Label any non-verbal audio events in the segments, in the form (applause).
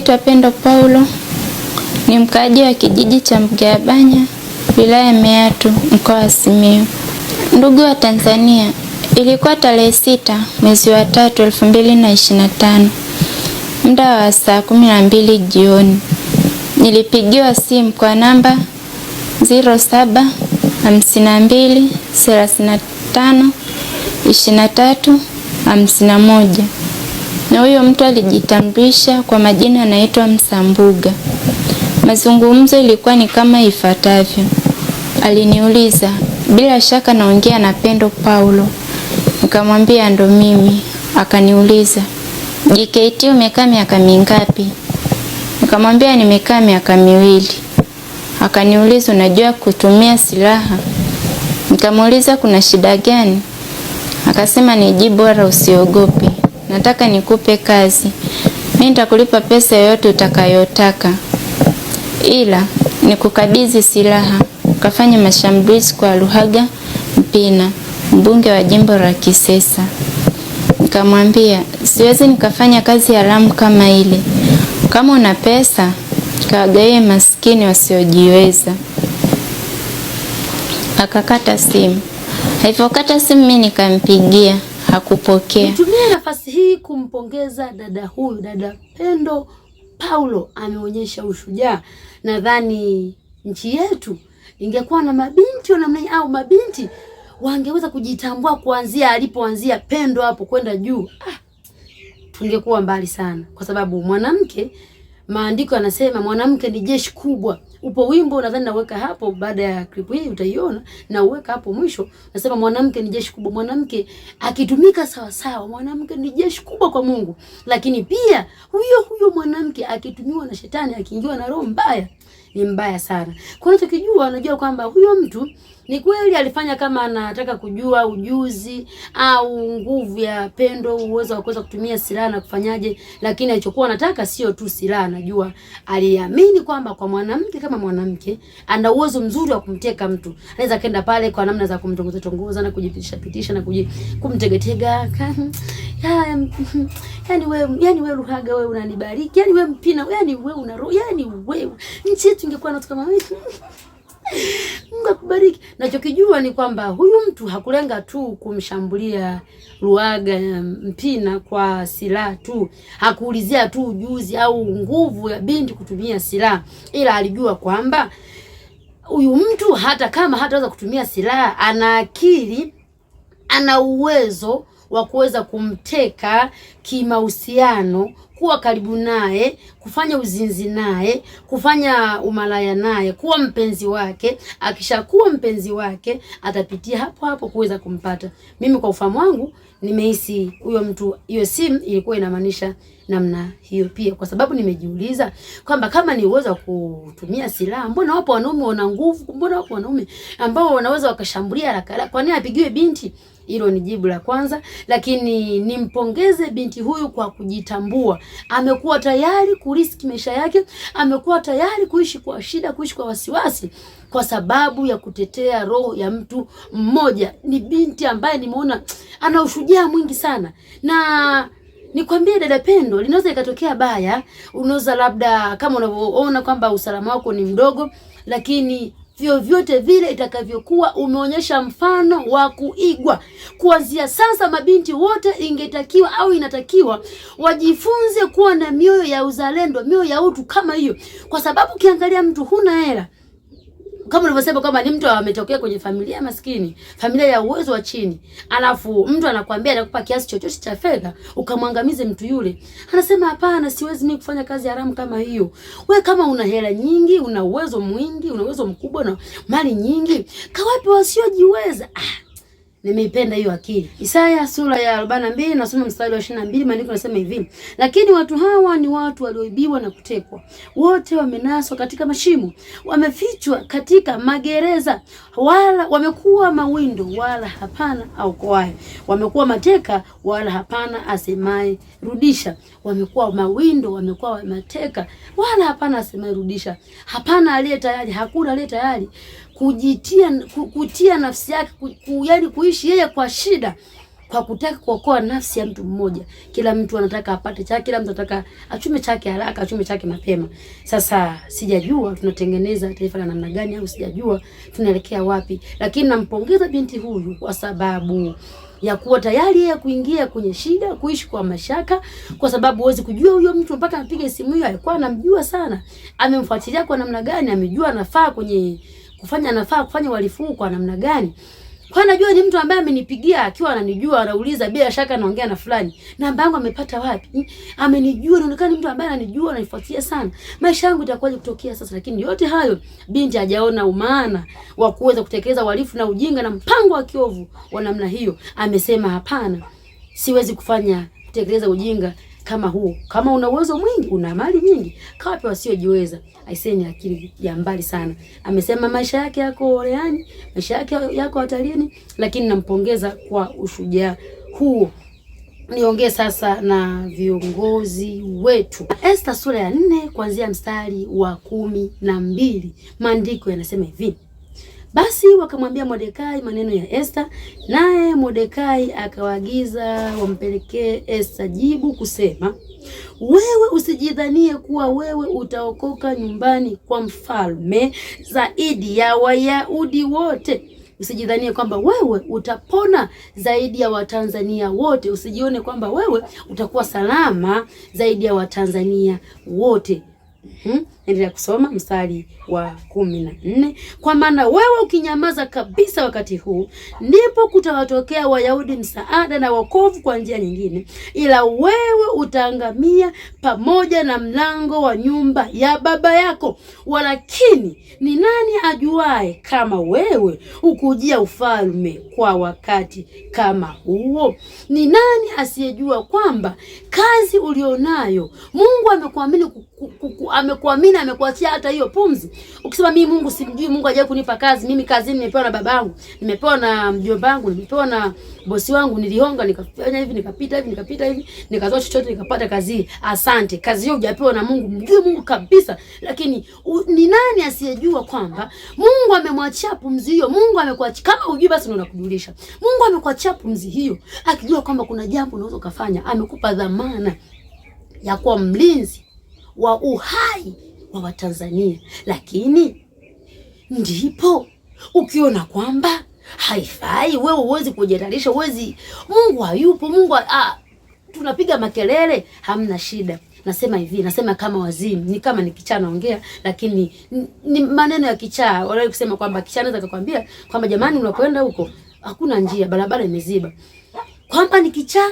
Naitwa Pendo Paulo, ni mkaaji wa kijiji cha Mgabanya, wilaya ya Meatu, mkoa wa Simiyu. Ndugu wa Tanzania, ilikuwa tarehe sita mwezi wa tatu elfu mbili na ishirini na tano muda wa saa kumi na mbili jioni nilipigiwa simu kwa namba 07 52 35 23 51 na huyo mtu alijitambulisha kwa majina anaitwa Msambuga. Mazungumzo ilikuwa ni kama ifuatavyo. Aliniuliza, bila shaka naongea na Pendo Paulo. Nikamwambia ndo mimi. Akaniuliza, JKT umekaa miaka mingapi? Nikamwambia nimekaa miaka miwili. Akaniuliza, unajua kutumia silaha? Nikamuuliza kuna shida gani? Akasema ni jibu, usiogope nataka nikupe kazi, mi nitakulipa pesa yoyote utakayotaka, ila nikukabidhi silaha kafanya mashambulizi kwa Luhaga Mpina, mbunge wa jimbo la Kisesa. Nikamwambia siwezi nikafanya kazi haramu kama ile, kama una pesa kawagaie maskini wasiojiweza. Akakata simu. Alivyokata simu, mimi nikampigia hakupokea. Nitumie nafasi hii kumpongeza dada huyu, dada Pendo Paulo ameonyesha ushujaa. Nadhani nchi yetu ingekuwa na mabinti wa au mabinti wangeweza kujitambua kuanzia alipoanzia Pendo hapo kwenda juu, ah, tungekuwa mbali sana, kwa sababu mwanamke maandiko yanasema mwanamke ni jeshi kubwa. Upo wimbo nadhani naweka hapo, baada ya clip hii utaiona na uweka hapo mwisho, nasema mwanamke ni jeshi kubwa. Mwanamke akitumika sawa sawa, mwanamke ni jeshi kubwa kwa Mungu, lakini pia huyo huyo mwanamke akitumiwa na shetani, akiingiwa na roho mbaya, ni mbaya sana. Kwa hiyo tukijua, anajua kwamba huyo mtu ni kweli alifanya kama anataka kujua ujuzi au nguvu ya pendo, uwezo wa kuweza kutumia silaha na kufanyaje, lakini alichokuwa anataka sio tu silaha. Anajua, aliamini kwamba kwa mwanamke kama mwanamke ana uwezo mzuri wa kumteka mtu, anaweza kenda pale kwa namna za kumtongoza tongoza na kujipitisha pitisha na kuji kumtegetega yaani yani wewe yani wewe Ruhaga, wewe unanibariki, yani wewe Mpina, yani wewe una roho, yani wewe nchi yetu ingekuwa na kama wewe (laughs) Mungu akubariki. Nachokijua ni kwamba huyu mtu hakulenga tu kumshambulia Luhaga eh, Mpina kwa silaha tu, hakuulizia tu ujuzi au nguvu ya binti kutumia silaha, ila alijua kwamba huyu mtu hata kama hataweza kutumia silaha, ana akili, ana uwezo wa kuweza kumteka kimahusiano kuwa karibu naye, kufanya uzinzi naye, kufanya umalaya naye, kuwa mpenzi wake. Akishakuwa mpenzi wake, atapitia hapo hapo kuweza kumpata. Mimi kwa ufahamu wangu nimehisi huyo mtu, hiyo simu ilikuwa inamaanisha namna hiyo pia, kwa sababu nimejiuliza kwamba kama ni uwezo wa kutumia silaha, mbona wapo wanaume wana nguvu, mbona wapo wanaume ambao wanaweza wakashambulia haraka haraka, kwa nini apigiwe binti? Hilo ni jibu la kwanza, lakini nimpongeze binti huyu kwa kujitambua. Amekuwa tayari kuriski maisha yake, amekuwa tayari kuishi kwa shida, kuishi kwa wasiwasi kwa sababu ya kutetea roho ya mtu mmoja. Ni binti ambaye nimeona ana ushujaa mwingi sana na nikwambie dada Pendo, linaweza ikatokea baya. Unaweza labda kama unavyoona kwamba usalama wako ni mdogo, lakini vyovyote vile itakavyokuwa, umeonyesha mfano wa kuigwa. Kuanzia sasa, mabinti wote ingetakiwa au inatakiwa wajifunze kuwa na mioyo ya uzalendo, mioyo ya utu kama hiyo, kwa sababu ukiangalia mtu huna hela kama ulivyosema kwamba ni mtu ametokea kwenye familia maskini, familia ya uwezo wa chini, alafu mtu anakuambia anakupa kiasi chochote cha fedha ukamwangamize mtu yule, anasema hapana, siwezi mimi kufanya kazi haramu kama hiyo. We kama una hela nyingi, una uwezo mwingi, una uwezo mkubwa na mali nyingi, kawape wasiojiweza ah. Nimeipenda hiyo akili. Isaya sura ya 42 nasoma mstari wa 22 maandiko yanasema hivi: lakini watu hawa ni watu walioibiwa na kutekwa, wote wamenaswa katika mashimo, wamefichwa katika magereza, wala wamekuwa mawindo wala hapana aokoaye, wamekuwa mateka wala hapana asemaye rudisha. Wamekuwa mawindo, wamekuwa mateka wala hapana asemaye rudisha. Hapana aliye tayari, hakuna aliye tayari kujitia kutia nafsi yake, yaani kuishi yeye kwa shida kwa kutaka kuokoa nafsi ya mtu mmoja. Kila mtu anataka apate chake, kila mtu anataka achume chake haraka, achume chake mapema. Sasa sijajua tunatengeneza taifa la namna gani, au sijajua tunaelekea wapi, lakini nampongeza binti huyu kwa sababu ya kuwa tayari ya kuingia kwenye shida, kuishi kwa mashaka, kwa sababu huwezi kujua huyo mtu mpaka apige simu hiyo. Alikuwa anamjua sana, amemfuatilia kwa namna gani, amejua anafaa kwenye kufanya, anafaa kufanya uhalifu kwa namna gani. Kwa najua ni mtu ambaye amenipigia akiwa ananijua, anauliza bila shaka anaongea na fulani. Namba yangu amepata wapi? Hmm? Amenijua, inaonekana mtu ambaye ananijua, ananifuatia sana. Maisha yangu itakuwaje kutokea sasa? Lakini yote hayo binti hajaona umaana wa kuweza kutekeleza uhalifu na ujinga na mpango wa kiovu wa namna hiyo. Amesema hapana. Siwezi kufanya kutekeleza ujinga kama huo. Kama una uwezo mwingi, una mali nyingi, kawape wasiojiweza. Aisee, ni akili ya mbali sana. Amesema maisha yake yako Oleani, maisha yake yako hatarini, lakini nampongeza kwa ushujaa huo. Niongee sasa na viongozi wetu. Esta sura ya nne kuanzia mstari wa kumi na mbili, maandiko yanasema hivi: basi wakamwambia Mordekai maneno ya Esta, naye Mordekai akawaagiza wampelekee Esta jibu kusema, wewe usijidhanie kuwa wewe utaokoka nyumbani kwa mfalme zaidi ya Wayahudi wote. Usijidhanie kwamba wewe utapona zaidi ya Watanzania wote. Usijione kwamba wewe utakuwa salama zaidi ya Watanzania wote. mm -hmm. Endelea kusoma mstari wa kumi na nne kwa maana wewe ukinyamaza kabisa wakati huu, ndipo kutawatokea Wayahudi msaada na wokovu kwa njia nyingine, ila wewe utaangamia pamoja na mlango wa nyumba ya baba yako. Walakini ni nani ajuae kama wewe ukujia ufalme kwa wakati kama huo? Ni nani asiyejua kwamba kazi ulionayo Mungu amekuamini amekuamini amekuachia hata hiyo pumzi. Ukisema mimi Mungu simjui, Mungu hajawahi kunipa kazi. Mimi kazi nimepewa na babangu, nimepewa na mjomba wangu, nimepewa na bosi wangu, nilihonga nikafanya hivi nikapita hivi nikapita hivi nikazoa chochote nikapata kazi Asante. Kazi hiyo hujapewa na Mungu, mjui Mungu kabisa. Lakini u, ni nani asiyejua kwamba Mungu amemwachia pumzi hiyo? Mungu amekuachia kama hujui basi ndio nakujulisha. Mungu amekuachia pumzi hiyo akijua kwamba kuna jambo unaweza kufanya. Amekupa dhamana ya kuwa mlinzi wa uhai wa Watanzania, lakini ndipo ukiona kwamba haifai, wewe huwezi kujitarisha, huwezi, Mungu hayupo, Mungu ah, tunapiga makelele, hamna shida. Nasema hivi, nasema kama wazimu, ni kama ni kichaa naongea, lakini ni maneno ya kichaa. Wanaweza kusema kwamba kichaa anaweza kukwambia kwamba jamani, unapoenda huko hakuna njia, barabara imeziba, kwamba ni kichaa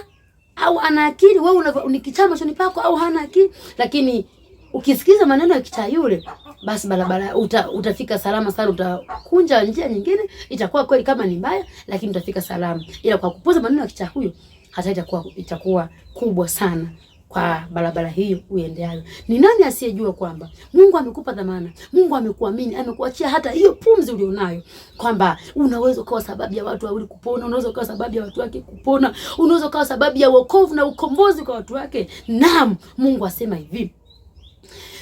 au ana akili wewe, ni kichaa machoni pako au hana akili, lakini ukisikiza maneno ya yule, basi barabara uta, utafika salama sana. Utakunja njia nyingine, itakuwa kweli kama ni mbaya, lakini utafika salama, ila kwa kupoza maneno ya kicha huyo hata itakuwa itakuwa kubwa sana kwa barabara hiyo uendeayo. Ni nani asiyejua kwamba Mungu amekupa dhamana, Mungu amekuamini, amekuachia hata hiyo pumzi ulionayo, kwamba unaweza ukawa sababu ya watu wawili kupona, unaweza ukawa sababu ya watu wake kupona, unaweza ukawa sababu ya wokovu na ukombozi kwa watu wake. Naam, Mungu asema hivi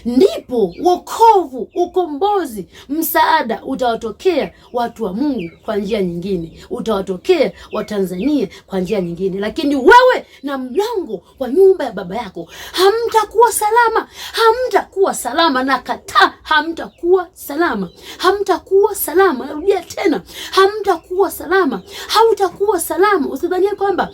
ndipo wokovu, ukombozi, msaada utawatokea watu wa Mungu kwa njia nyingine, utawatokea Watanzania kwa njia nyingine, lakini wewe na mlango wa nyumba ya baba yako hamtakuwa salama, hamtakuwa salama. na kataa hamtakuwa salama, hamtakuwa salama. Narudia tena, hamtakuwa salama, hautakuwa salama. Usidhanie kwamba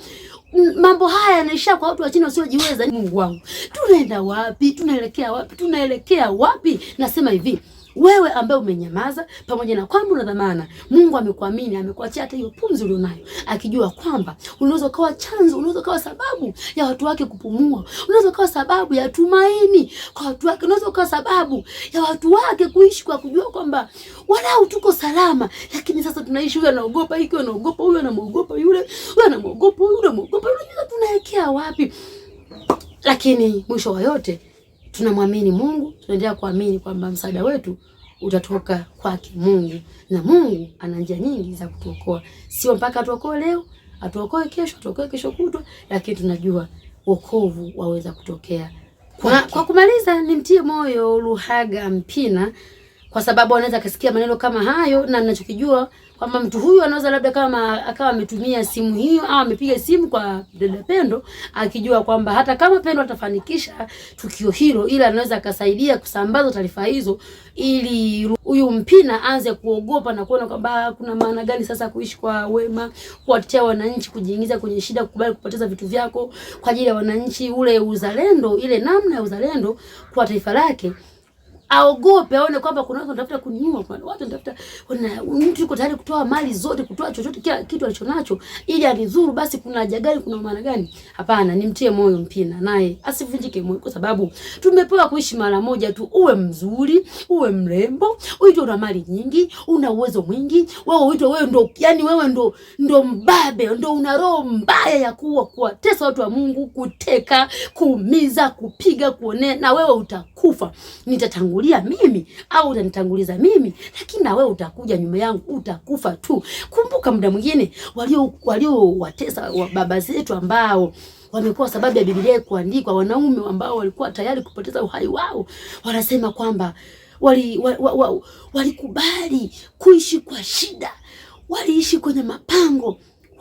Mm, mambo haya yanaisha kwa watu wa chini wasiojiweza. Mungu wangu, tunaenda wapi? Tunaelekea wapi? Tunaelekea wapi? Nasema hivi wewe ambaye umenyamaza, pamoja na kwamba una dhamana, Mungu amekuamini, amekuachia hata hiyo pumzi ulionayo, akijua kwamba unaweza kuwa chanzo, unaweza kuwa sababu ya watu wake kupumua, unaweza kuwa sababu ya tumaini kwa watu wake, unaweza kuwa sababu ya watu wake kuishi kwa kujua kwamba walau tuko salama. Lakini sasa tunaishi, huyo anaogopa hiki, anaogopa huyo, anamuogopa yule, huyo anamuogopa huyu, anamuogopa yule, tunaelekea wapi? Lakini mwisho wa yote tunamwamini Mungu, tunaendelea kuamini kwamba msaada wetu utatoka kwake Mungu, na Mungu ana njia nyingi za kutuokoa, sio mpaka atuokoe leo, atuokoe kesho, atuokoe kesho kutwa, lakini tunajua wokovu waweza kutokea kwa, kwa kumaliza, nimtie moyo Luhaga Mpina kwa sababu anaweza akasikia maneno kama hayo, na ninachokijua kwamba mtu huyu anaweza labda kama akawa ametumia simu hiyo au amepiga simu kwa dada Pendo akijua kwamba hata kama Pendo atafanikisha tukio hilo, ila anaweza akasaidia kusambaza taarifa hizo, ili huyu Mpina aanze kuogopa na kuona kwamba ah, kuna maana gani sasa kuishi kwa wema, kuwatetea wananchi, kujiingiza kwenye shida, kukubali kupoteza vitu vyako kwa ajili ya wananchi, ule uzalendo, ile namna ya uzalendo kwa taifa lake aogope, aone kwamba kuna watu wanatafuta kuniua, watu wanatafuta, kuna mtu yuko tayari kutoa mali zote, kutoa chochote, kila kitu alichonacho ili anizuru. Basi kuna haja gani? Kuna maana gani? Hapana, nimtie moyo Mpina, naye asivunjike moyo, kwa sababu tumepewa kuishi mara moja tu. Uwe mzuri, uwe mrembo, uitwe una mali nyingi, una uwezo mwingi, wewe uitwe wewe ndo, yani wewe ndo ndo mbabe, ndo una roho mbaya ya kuua, kuwatesa watu wa Mungu, kuteka, kuumiza, kupiga, kuonea, na wewe utakufa. Nitatangulia utanitangulia mimi au utanitanguliza mimi, lakini na wewe utakuja nyuma yangu, utakufa tu. Kumbuka muda mwingine walio wa baba zetu ambao wamekuwa sababu ya Biblia kuandikwa, wanaume ambao walikuwa tayari kupoteza uhai wao, wanasema kwamba walikubali wa, wa, wa, kuishi kwa shida, waliishi kwenye mapango,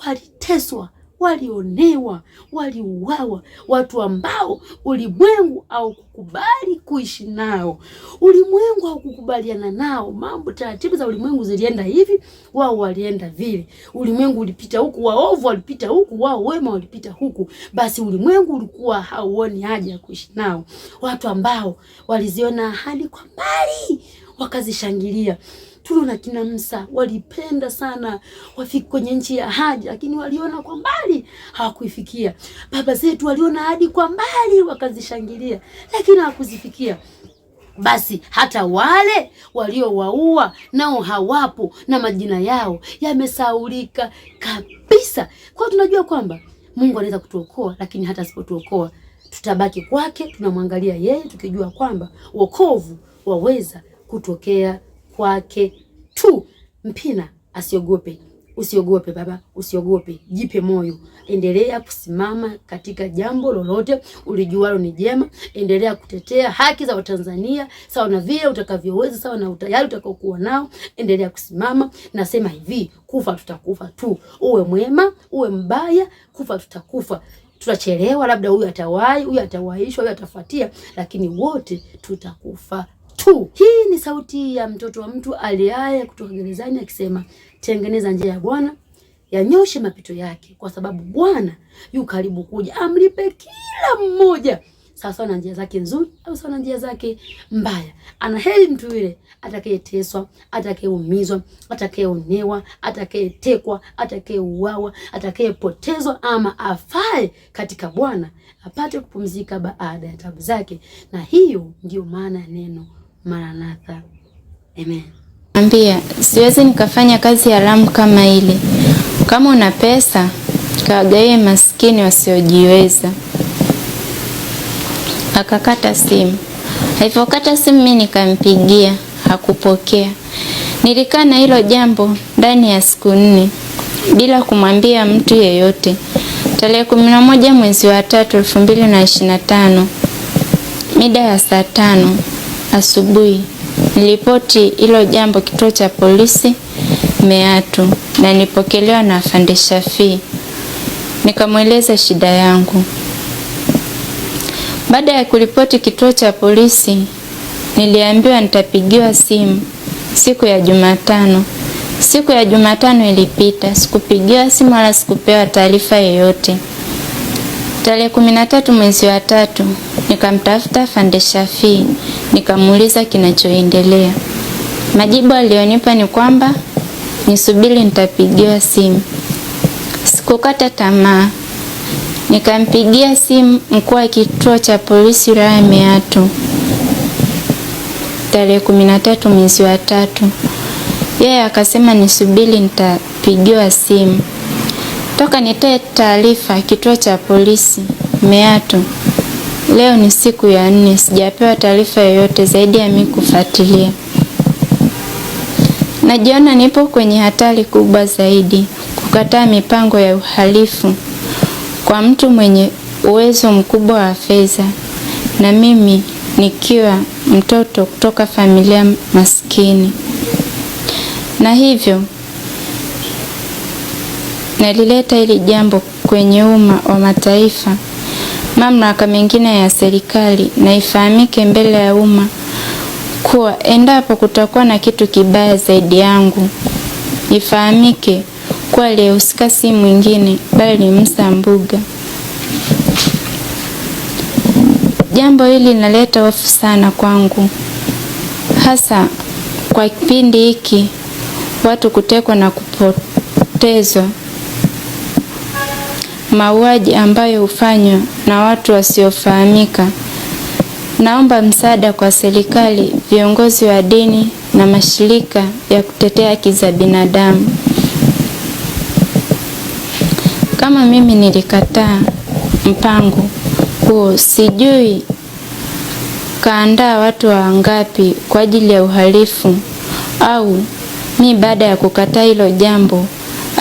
waliteswa walionewa, waliuawa, watu ambao ulimwengu haukukubali kuishi nao, ulimwengu haukukubaliana nao. Mambo taratibu za ulimwengu zilienda hivi, wao walienda vile. Ulimwengu ulipita huku, waovu walipita huku, wao wema walipita huku. Basi ulimwengu ulikuwa hauoni haja ya kuishi nao, watu ambao waliziona ahadi kwa mbali wakazishangilia. Tuliona kina Musa walipenda sana wafiki kwenye nchi ya haji, lakini waliona kwa mbali hawakuifikia. Baba zetu waliona hadi kwa mbali wakazishangilia, lakini hawakuzifikia. Basi hata wale waliowaua nao hawapo na majina yao yamesaulika kabisa. Kwa tunajua kwamba Mungu anaweza kutuokoa, lakini hata asipotuokoa tutabaki kwake, tunamwangalia yeye, tukijua kwamba wokovu waweza kutokea kwake tu. Mpina asiogope, usiogope baba, usiogope, jipe moyo, endelea kusimama katika jambo lolote ulijualo ni jema, endelea kutetea haki za Watanzania sawa na vile utakavyoweza, sawa na utayari utakaokuwa nao, endelea kusimama. Nasema hivi, kufa tutakufa tu, uwe mwema uwe mbaya, kufa tutakufa tutachelewa labda, huyu atawahi, huyu atawaishwa, huyu atafuatia, lakini wote tutakufa tu. Hii ni sauti ya mtoto wa mtu aliaye kutoka gerezani akisema, tengeneza njia ya Bwana, yanyoshe mapito yake, kwa sababu Bwana yu karibu kuja, amlipe kila mmoja sawasawa na njia zake nzuri au sawa na njia zake mbaya. ana heri mtu yule atakayeteswa, atakayeumizwa, atakayeonewa, atakayetekwa, atakayeuawa, atakayepotezwa ama afae katika Bwana, apate kupumzika baada ya tabu zake. Na hiyo ndiyo maana ya neno Maranatha, amen. Ambia siwezi nikafanya kazi haramu kama ile. Kama una pesa kawagaie maskini wasiojiweza. Akakata simu. Alivyokata simu mimi nikampigia, hakupokea. Nilikaa na hilo jambo ndani ya siku nne bila kumwambia mtu yeyote. Tarehe kumi na moja mwezi wa tatu elfu mbili na ishirini na tano mida ya saa tano asubuhi nilipoti hilo jambo kituo cha polisi Meatu na nilipokelewa na afande Shafii, nikamweleza shida yangu. Baada ya kulipoti kituo cha polisi, niliambiwa nitapigiwa simu siku ya Jumatano. Siku ya Jumatano ilipita, sikupigiwa simu wala sikupewa taarifa yoyote. Tarehe kumi na tatu mwezi wa tatu nikamtafuta Fande Shafii nikamuuliza kinachoendelea. Majibu aliyonipa ni kwamba nisubiri nitapigiwa simu. Sikukata tamaa, nikampigia simu mkuu wa kituo cha polisi wilaya Meatu tarehe kumi na tatu mwezi wa tatu. Yeye akasema nisubiri nitapigiwa simu. Toka nitoe taarifa kituo cha polisi Meatu, leo ni siku ya nne, sijapewa taarifa yoyote zaidi ya mimi kufuatilia. Najiona nipo kwenye hatari kubwa zaidi kukataa mipango ya uhalifu kwa mtu mwenye uwezo mkubwa wa fedha, na mimi nikiwa mtoto kutoka familia maskini, na hivyo nalileta hili jambo kwenye umma wa mataifa, mamlaka mengine ya serikali, na ifahamike mbele ya umma kuwa endapo kutakuwa na kitu kibaya zaidi yangu, ifahamike kuwa aliyehusika si mwingine bali ni Msambuga. Jambo hili linaleta hofu sana kwangu, hasa kwa kipindi hiki watu kutekwa na kupotezwa mauaji ambayo hufanywa na watu wasiofahamika. Naomba msaada kwa serikali, viongozi wa dini na mashirika ya kutetea haki za binadamu. Kama mimi nilikataa mpango huo, sijui kaandaa watu wangapi kwa ajili ya uhalifu, au mi baada ya kukataa hilo jambo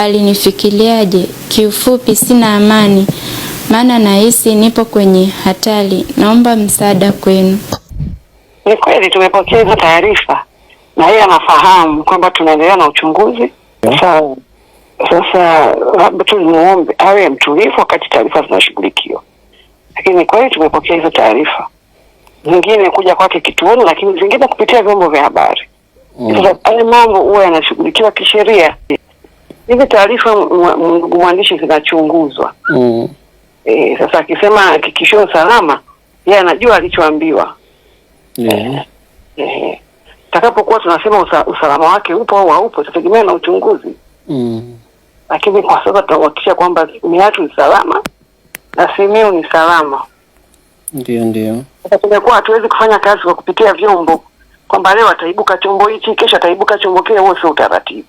alinifikiriaje? Kiufupi, sina amani, maana nahisi nipo kwenye hatari. Naomba msaada kwenu. Ni kweli tumepokea hizo taarifa na yeye anafahamu kwamba tunaendelea na uchunguzi sasa. Sasa labda tu nimuombe awe mtulivu wakati taarifa zinashughulikiwa, lakini ni kweli tumepokea hizo taarifa, zingine kuja kwake kituoni, lakini zingine kupitia vyombo vya habari. Mm. Sasa mm, mambo huwa yanashughulikiwa kisheria hizi taarifa ndugu mwandishi zinachunguzwa mm. E, sasa akisema hakikisho salama, yeye anajua alichoambiwa yeah. E, eh, eh, takapokuwa tunasema usa, usalama wake upo au haupo tategemea na uchunguzi mm. Lakini kwa sasa tunauhakikisha kwamba Meatu ni salama na Simiyu ni salama. Ndio, ndio tumekuwa hatuwezi kufanya kazi kwa kupitia vyombo kwamba leo ataibuka chombo hichi, kesho ataibuka chombo kile. Huo sio utaratibu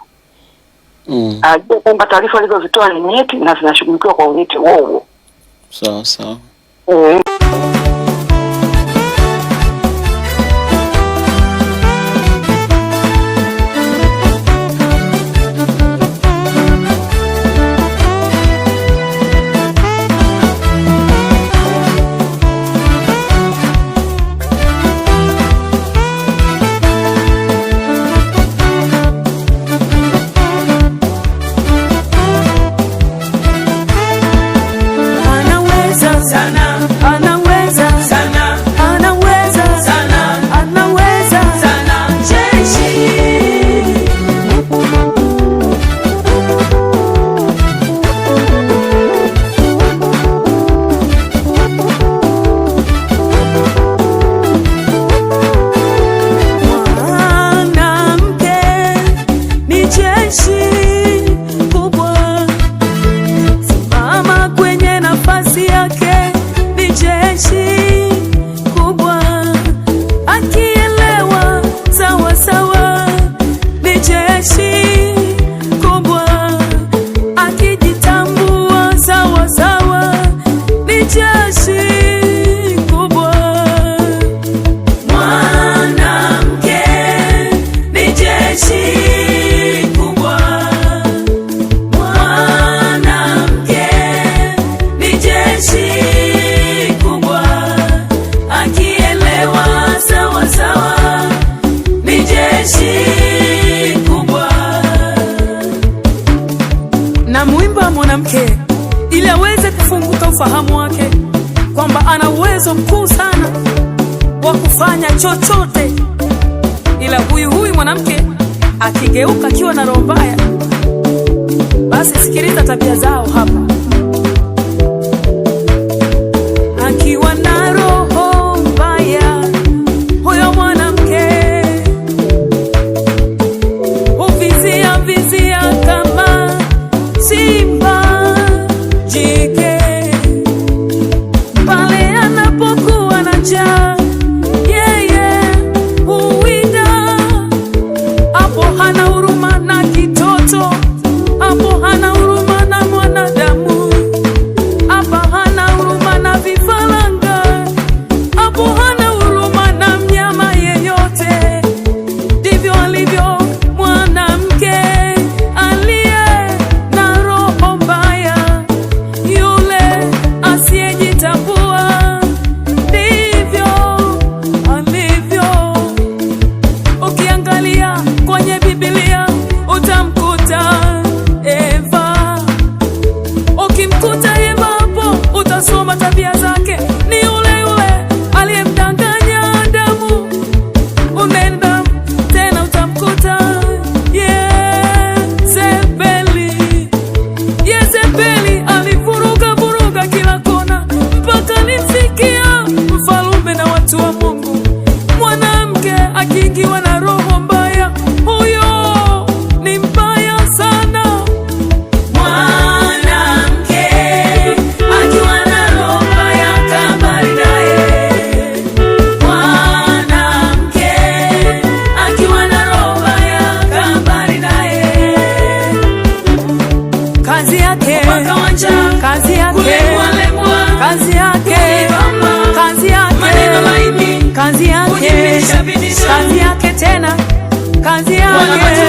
mm. Ah, kwamba taarifa alizozitoa ni nyeti na zinashughulikiwa kwa unyeti huo huo. Sawa sawa. Eh. tumepewa sawa sawa, ni jeshi kubwa. Na mwimba mwanamke ili aweze kufunguka ufahamu wake kwamba ana uwezo mkuu sana wa kufanya chochote, ila huyu huyu mwanamke akigeuka akiwa na roho mbaya, basi sikiliza tabia zao hapa. I'm gonna again.